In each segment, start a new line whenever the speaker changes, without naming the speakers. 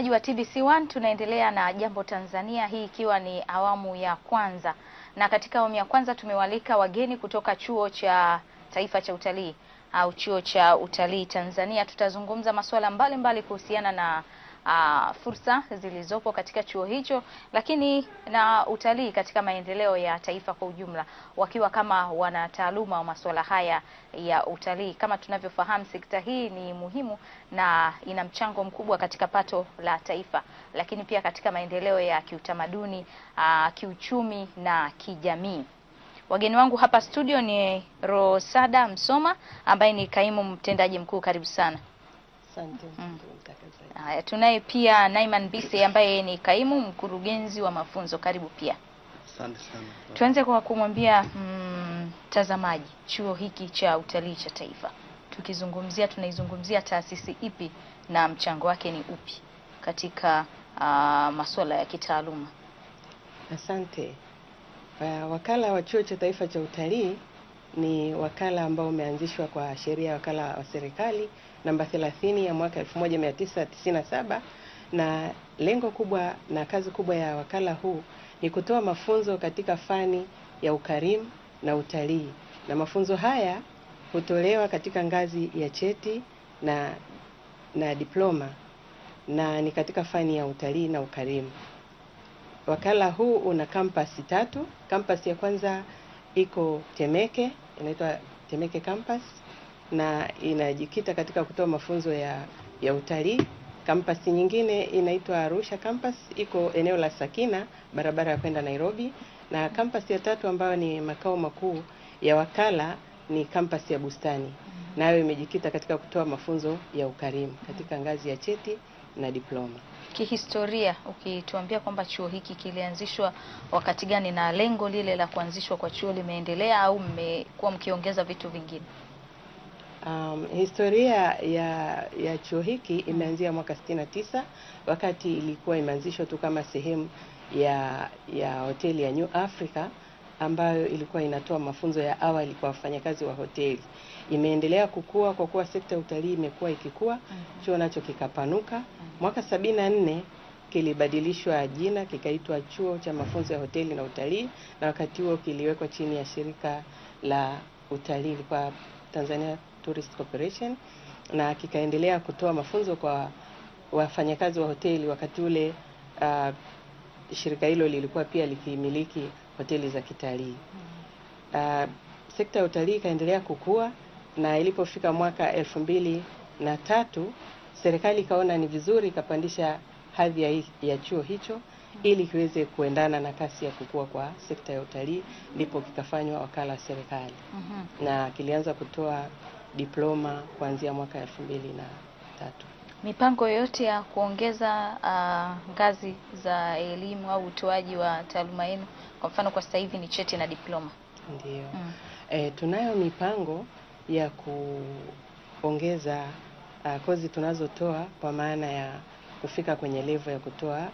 Mtazamaji wa TBC1 tunaendelea na Jambo Tanzania, hii ikiwa ni awamu ya kwanza, na katika awamu ya kwanza tumewalika wageni kutoka Chuo cha Taifa cha Utalii au Chuo cha Utalii Tanzania. Tutazungumza masuala mbalimbali kuhusiana na uh, fursa zilizopo katika chuo hicho, lakini na utalii katika maendeleo ya taifa kwa ujumla, wakiwa kama wanataaluma wa masuala haya ya utalii. Kama tunavyofahamu, sekta hii ni muhimu na ina mchango mkubwa katika pato la taifa, lakini pia katika maendeleo ya kiutamaduni, uh, kiuchumi na kijamii. Wageni wangu hapa studio ni Rosada Msoma ambaye ni kaimu mtendaji mkuu. Karibu sana. Asante. Mm. Haya, tunaye pia Naiman Bise ambaye ni kaimu mkurugenzi wa mafunzo. Karibu pia. Asante sana. Tuanze kwa kumwambia mm, mtazamaji mm, chuo hiki cha utalii cha taifa tukizungumzia, tunaizungumzia taasisi ipi na mchango wake ni upi katika uh, masuala ya kitaaluma?
Asante. Uh, wakala wa chuo cha taifa cha utalii ni wakala ambao umeanzishwa kwa sheria ya wakala wa serikali namba 30 ya mwaka 1997 na lengo kubwa na kazi kubwa ya wakala huu ni kutoa mafunzo katika fani ya ukarimu na utalii, na mafunzo haya hutolewa katika ngazi ya cheti na, na diploma na ni katika fani ya utalii na ukarimu. Wakala huu una kampasi tatu. Kampasi ya kwanza iko Temeke, inaitwa Temeke Campus na inajikita katika kutoa mafunzo ya, ya utalii. Kampasi nyingine inaitwa Arusha Campus, iko eneo la Sakina, barabara ya kwenda Nairobi, na kampasi ya tatu ambayo ni makao makuu ya wakala ni kampasi ya Bustani, mm. nayo imejikita katika kutoa mafunzo ya ukarimu katika ngazi ya cheti na diploma.
Kihistoria, ukituambia kwamba chuo hiki kilianzishwa wakati gani na lengo lile la kuanzishwa kwa chuo limeendelea au mmekuwa mkiongeza vitu vingine?
Um, historia ya ya chuo hiki imeanzia mwaka 69 wakati ilikuwa imeanzishwa tu kama sehemu ya ya hoteli ya New Africa ambayo ilikuwa inatoa mafunzo ya awali kwa wafanyakazi wa hoteli imeendelea kukua kwa kuwa sekta ya utalii imekuwa ikikua. Mhm. Chuo nacho kikapanuka. Mwaka sabini na nne kilibadilishwa jina kikaitwa Chuo cha Mafunzo ya Hoteli na Utalii, na wakati huo kiliwekwa chini ya shirika la utalii kwa Tanzania Tourist Corporation, na kikaendelea kutoa mafunzo kwa wafanyakazi wa hoteli. Wakati ule uh, shirika hilo lilikuwa pia likimiliki hoteli za kitalii. Uh, sekta ya utalii ikaendelea kukua na ilipofika mwaka elfu mbili na tatu serikali ikaona ni vizuri ikapandisha hadhi ya, ya chuo hicho ili kiweze kuendana na kasi ya kukua kwa sekta ya utalii, ndipo kikafanywa wakala wa serikali uh mhm. -huh. na kilianza kutoa diploma kuanzia mwaka elfu mbili na tatu
mipango yoyote ya kuongeza uh, ngazi za elimu au utoaji wa taaluma yenu? Kwa mfano kwa sasa hivi ni cheti na diploma.
Ndio. Mm. E, tunayo mipango ya kuongeza uh, kozi tunazotoa kwa maana ya kufika kwenye level ya kutoa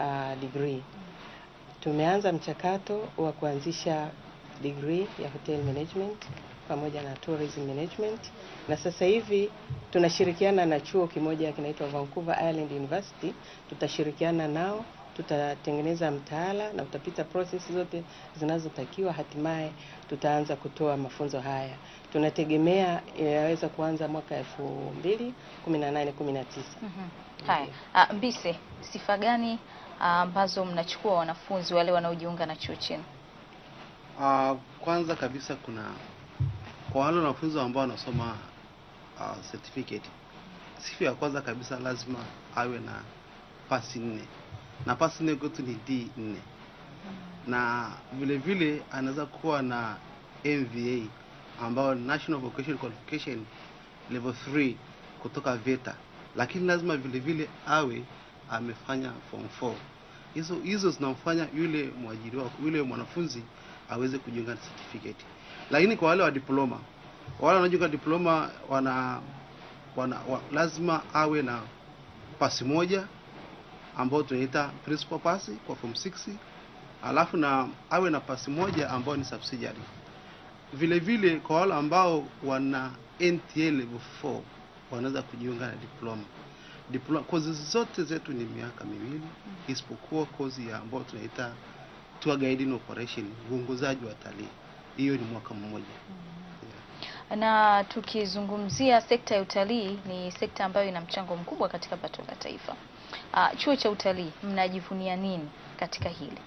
uh, degree. Tumeanza mchakato wa kuanzisha degree ya hotel management pamoja na tourism management na sasa hivi tunashirikiana na chuo kimoja kinaitwa Vancouver Island University. Tutashirikiana nao, tutatengeneza mtaala na utapita process zote zinazotakiwa, hatimaye tutaanza kutoa mafunzo haya. Tunategemea inaweza kuanza mwaka 2018 19. Mm-hmm.
Haya, uh, Mbise, sifa gani ah, ambazo uh, mnachukua wanafunzi wale wanaojiunga na chuo chenu?
Uh, kwanza kabisa kuna kwa wale wanafunzi ambao wanasoma uh, certificate. Sifa ya kwanza kabisa lazima awe na pasi nne na pasi nne kwetu ni D nne na vilevile anaweza kuwa na NVA ambayo National Vocational Qualification Level 3 kutoka VETA, lakini lazima vilevile vile awe amefanya form 4. Hizo hizo zinamfanya yule mwajiri wako yule mwanafunzi aweze kujiunga na certificate, lakini kwa wale wa diploma wale wanaojiunga diploma wana, wana, wa, lazima awe na pasi moja ambayo tunaita principal pasi kwa form 6, alafu na awe na pasi moja ambayo ni subsidiary. Vile vile kwa wale ambao wana NTA level 4 wanaweza kujiunga na diploma. Diploma kozi zote zetu ni miaka miwili isipokuwa kozi ya ambayo tunaita tour guiding operation, uongozaji wa talii, hiyo ni mwaka mmoja
na tukizungumzia sekta ya utalii, ni sekta ambayo ina mchango mkubwa katika pato la taifa. Uh, chuo cha utalii mnajivunia nini katika hili,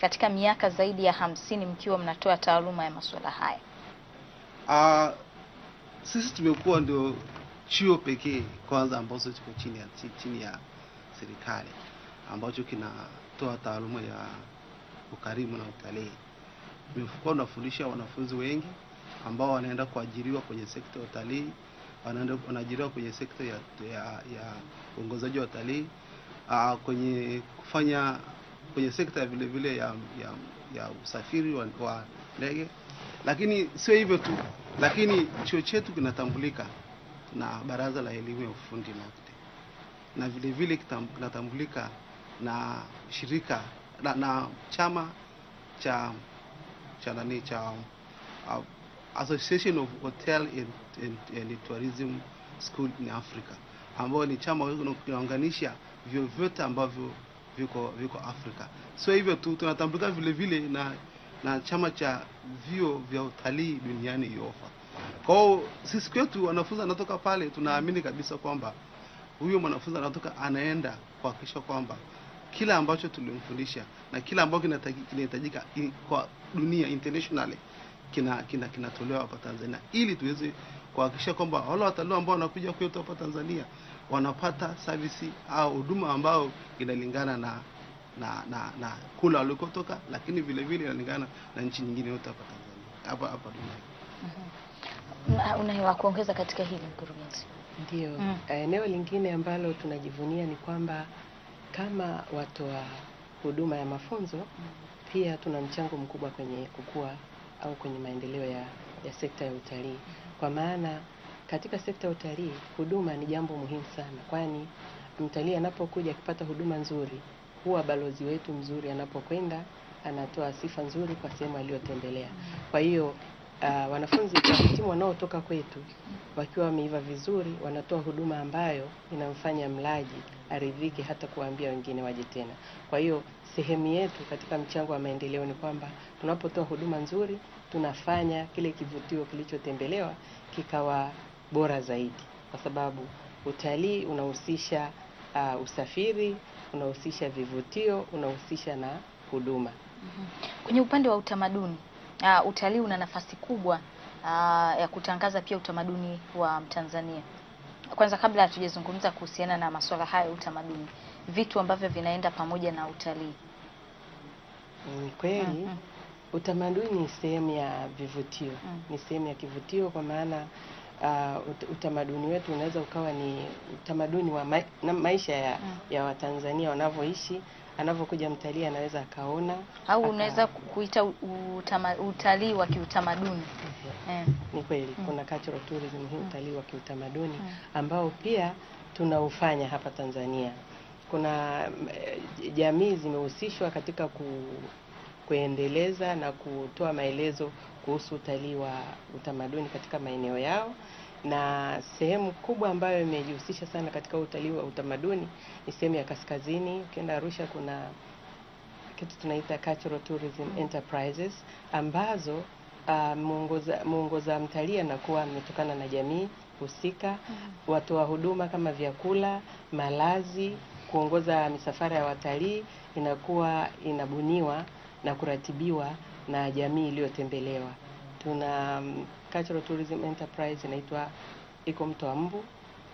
katika miaka zaidi ya hamsini mkiwa mnatoa taaluma ya masuala haya?
Uh, sisi tumekuwa ndio chuo pekee kwanza ambacho kiko chini ya, chini ya serikali ambacho kinatoa taaluma ya ukarimu na utalii. Tumekuwa tunafundisha wanafunzi wengi ambao wanaenda kuajiriwa kwenye sekta ya utalii, wanaajiriwa kwenye sekta ya, ya, ya uongozaji wa utalii uh, kwenye kufanya kwenye sekta vile vile ya, ya, ya usafiri wa, wa ndege. Lakini sio hivyo tu, lakini chuo chetu kinatambulika na Baraza la Elimu ya Ufundi NACTE na vile vile kinatambulika na shirika na, na chama cha cha nani cha uh, Association of Hotel and, and, and Tourism School in Africa, ambayo ni chama kinaunganisha vyuo vyote ambavyo viko viko Afrika. So hivyo tu, tunatambulika vile vile na na chama cha vyo vya utalii duniani yofa. Kwa hiyo sisi kwetu wanafunzi anatoka pale, tunaamini kabisa kwamba huyo mwanafunzi anatoka anaenda kuhakikisha kwamba kila ambacho tulimfundisha na kila ambacho kinahitajika kwa dunia internationally kinatolewa kina, kina hapa Tanzania ili tuweze kuhakikisha kwamba wale watalii ambao wanakuja kwetu hapa Tanzania wanapata service au huduma ambayo inalingana na na, na, na kula walikotoka, lakini vile vile inalingana na nchi nyingine yote hapa Tanzania hapa hapa duniani.
uh kuongeza katika hili mkurugenzi?
Ndio. Mm. Eh, eneo lingine ambalo tunajivunia ni kwamba kama watoa huduma ya mafunzo mm, pia tuna mchango mkubwa kwenye kukua au kwenye maendeleo ya, ya sekta ya utalii, kwa maana katika sekta ya utalii huduma ni jambo muhimu sana, kwani mtalii anapokuja akipata huduma nzuri huwa balozi wetu mzuri, anapokwenda anatoa sifa nzuri kwa sehemu aliyotembelea. Kwa hiyo uh, wanafunzi wahitimu wanaotoka kwetu wakiwa wameiva vizuri, wanatoa huduma ambayo inamfanya mlaji aridhike, hata kuwaambia wengine waje tena. Kwa hiyo sehemu yetu katika mchango wa maendeleo ni kwamba tunapotoa huduma nzuri, tunafanya kile kivutio kilichotembelewa kikawa bora zaidi, kwa sababu utalii unahusisha uh, usafiri, unahusisha vivutio, unahusisha na huduma.
Mm-hmm. Kwenye upande wa utamaduni uh, utalii una nafasi kubwa uh, ya kutangaza pia utamaduni wa Mtanzania. Kwanza kabla hatujazungumza kuhusiana na masuala haya ya utamaduni, vitu ambavyo vinaenda pamoja na utalii.
Ni mm, kweli mm -hmm. Utamaduni ni sehemu ya vivutio mm -hmm. Ni sehemu ya kivutio kwa maana uh, utamaduni wetu unaweza ukawa ni utamaduni wa ma na maisha ya, mm -hmm. ya Watanzania wanavyoishi anavyokuja mtalii anaweza akaona
au aka... unaweza kuita utalii wa kiutamaduni
yeah. Eh. Ni kweli mm. kuna cultural tourism hii mm. utalii wa kiutamaduni mm. ambao pia tunaufanya hapa Tanzania. Kuna eh, jamii zimehusishwa katika ku, kuendeleza na kutoa maelezo kuhusu utalii wa utamaduni katika maeneo yao na sehemu kubwa ambayo imejihusisha sana katika utalii wa utamaduni ni sehemu ya kaskazini. Ukienda Arusha kuna kitu tunaita Cultural Tourism Enterprises ambazo uh, muongoza muongoza mtalii anakuwa ametokana na jamii husika, mm-hmm. watoa huduma kama vyakula, malazi, kuongoza misafara ya watalii inakuwa inabuniwa na kuratibiwa na jamii iliyotembelewa. Tuna Cultural Tourism Enterprise inaitwa, iko Mto Mbu,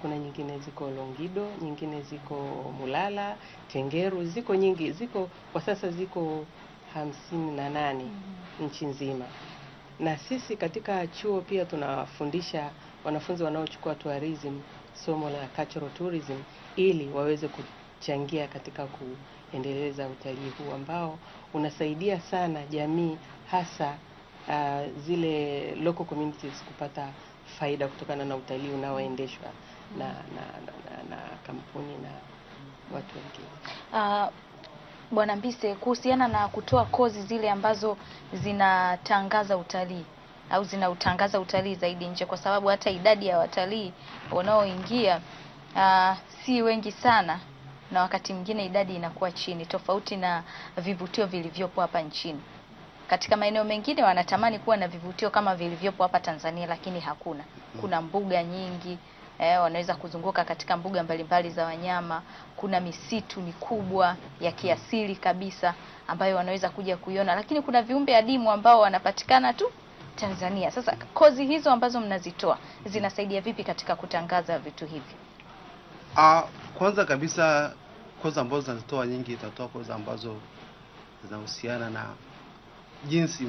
kuna nyingine ziko Longido, nyingine ziko Mulala, Tengeru, ziko nyingi, ziko kwa sasa ziko hamsini na nane mm-hmm. nchi nzima. Na sisi katika chuo pia tunawafundisha wanafunzi wanaochukua tourism somo la cultural tourism ili waweze kuchangia katika kuendeleza utalii huu ambao unasaidia sana jamii hasa uh, zile local communities kupata faida kutokana na utalii unaoendeshwa na, na, na, na, na kampuni na watu wengine
uh, Bwana Mbise, kuhusiana na kutoa kozi zile ambazo zinatangaza utalii au zinautangaza utalii zaidi nje, kwa sababu hata idadi ya watalii wanaoingia uh, si wengi sana, na wakati mwingine idadi inakuwa chini, tofauti na vivutio vilivyopo hapa nchini. Katika maeneo mengine wanatamani kuwa na vivutio kama vilivyopo hapa Tanzania, lakini hakuna. Kuna mbuga nyingi eh, wanaweza kuzunguka katika mbuga mbalimbali za wanyama. Kuna misitu mikubwa ya kiasili kabisa ambayo wanaweza kuja kuiona, lakini kuna viumbe adimu ambao wanapatikana tu Tanzania. Sasa kozi hizo ambazo mnazitoa zinasaidia vipi katika kutangaza vitu hivi?
Ah, kwanza kabisa kozi ambazo zinazitoa nyingi, itatoa kozi ambazo zinahusiana na jinsi